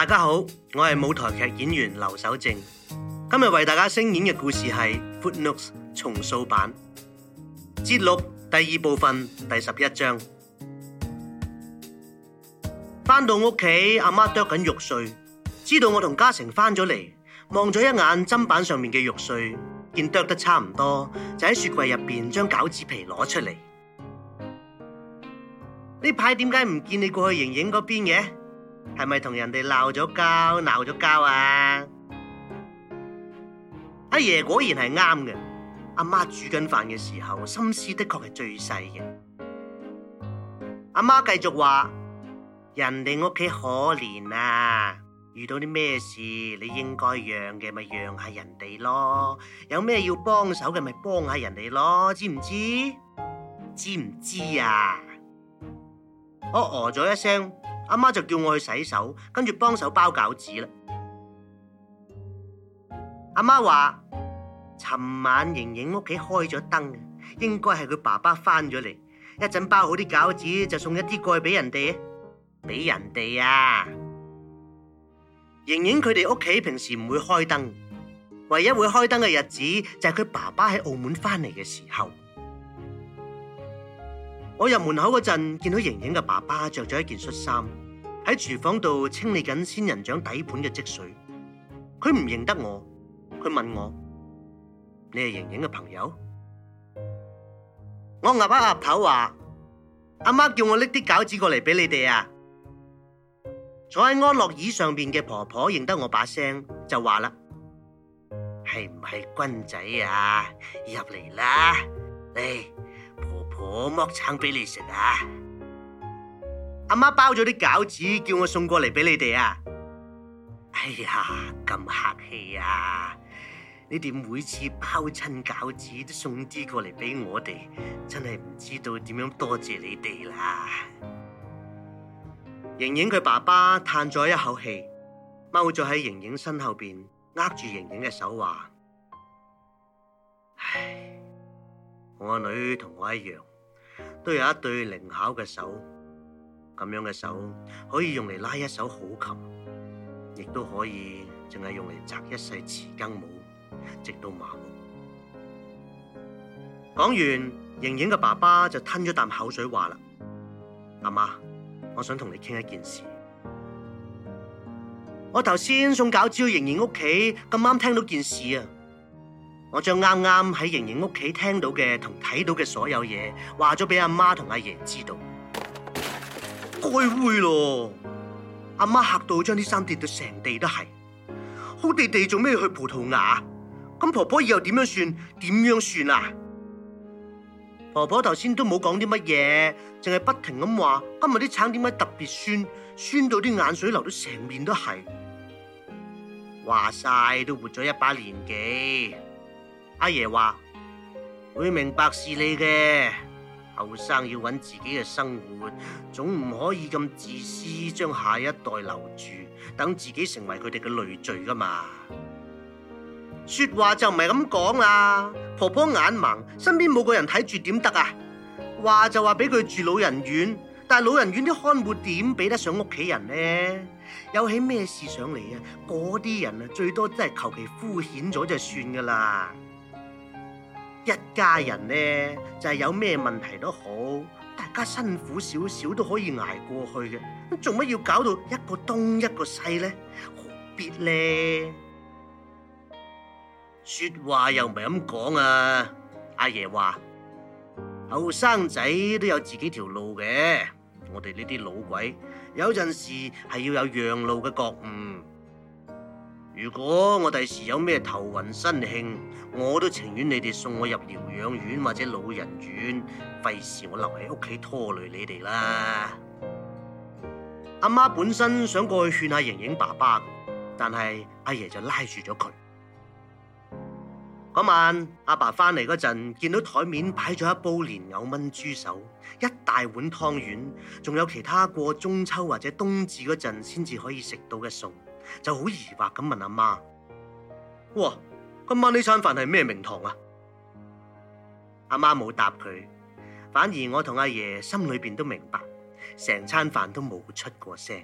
大家好，我係舞台劇演員劉守正，今日為大家聲演嘅故事係《Footnotes》重塑版，節錄第二部分第十一章。翻到屋企，阿媽剁緊肉碎，知道我同嘉誠翻咗嚟，望咗一眼砧板上面嘅肉碎，見剁得差唔多，就喺雪櫃入邊將餃子皮攞出嚟。呢排點解唔見你過去盈盈嗰邊嘅？係咪同人哋鬧咗交？鬧咗交啊！阿爺果然係啱嘅。阿媽煮緊飯嘅時候，心思的確係最細嘅。阿媽繼續話，人哋屋企可憐啊，遇到啲咩事，你應該讓嘅咪讓下人哋咯。有咩要幫手嘅咪幫下人哋咯，知唔知？知唔知啊？我哦咗一聲。阿媽就叫我去洗手，跟住幫手包餃子。阿媽話：尋晚盈盈屋企開咗燈，應該係佢爸爸翻咗嚟。一陣包好啲餃子就送一啲蓋俾人哋，俾人哋啊！盈盈佢哋屋企平時唔會開燈，唯一會開燈嘅日子就係佢爸爸喺澳門翻嚟嘅時候。我入門口嗰陣，見到盈盈嘅爸爸着咗一件恤衫，喺廚房度清理緊仙人掌底盤嘅積水。佢唔認得我，佢問我：你係盈盈嘅朋友？我岌一岌頭話：阿媽叫我拎啲餃子過嚟俾你哋啊！坐喺安樂椅上邊嘅婆婆認得我把聲，就話啦：係唔係軍仔啊？入嚟啦，嚟！我剝橙俾你食啊！阿媽包咗啲餃子，叫我送過嚟俾你哋啊！哎呀，咁客氣啊！你哋每次包親餃子都送啲過嚟俾我哋，真係唔知道點樣多謝你哋啦！盈盈佢爸爸嘆咗一口氣，踎咗喺盈盈身後邊，握住盈盈嘅手話：「唉，我女同我一樣。都有一對靈巧嘅手，咁樣嘅手可以用嚟拉一手好琴，亦都可以淨係用嚟擲一世匙羹舞，直到麻木。講完，盈盈嘅爸爸就吞咗啖口水話，話啦：阿媽，我想同你傾一件事。我頭先送餃子去盈盈屋企，咁啱聽到件事啊！我將啱啱喺盈盈屋企聽到嘅同睇到嘅所有嘢，話咗俾阿媽同阿爺知道，該會咯。阿媽吓到將啲衫跌到成地都係，好地地做咩去葡萄牙？咁婆婆以後點樣算？點樣算啊？婆婆頭先都冇講啲乜嘢，淨係不停咁話，今日啲橙點解特別酸，酸到啲眼水流到成面都係。話晒都活咗一把年紀。阿爺話會明白是你嘅後生要揾自己嘅生活，總唔可以咁自私，將下一代留住，等自己成為佢哋嘅累贅噶嘛？說話就唔係咁講啦！婆婆眼盲，身邊冇個人睇住點得啊？話就話俾佢住老人院，但係老人院啲看護點比得上屋企人呢？有起咩事上嚟啊？嗰啲人啊，最多真係求其敷衍咗就算噶啦。一家人咧，就係有咩問題都好，大家辛苦少少都可以捱過去嘅，做乜要搞到一個東一個西咧？何必咧？說話又唔係咁講啊！阿爺話，後生仔都有自己條路嘅，我哋呢啲老鬼有陣時係要有讓路嘅覺悟。如果我第時有咩頭暈身慶，我都情願你哋送我入療養院或者老人院，費事我留喺屋企拖累你哋啦。阿媽本身想過去勸下瑩瑩爸爸，但係阿爺就拉住咗佢。嗰晚阿爸翻嚟嗰陣，見到枱面擺咗一煲蓮藕炆豬手，一大碗湯圓，仲有其他過中秋或者冬至嗰陣先至可以食到嘅餸。就好疑惑咁問阿媽：哇，今晚呢餐飯係咩名堂啊？阿媽冇答佢，反而我同阿爺心裏邊都明白，成餐飯都冇出過聲。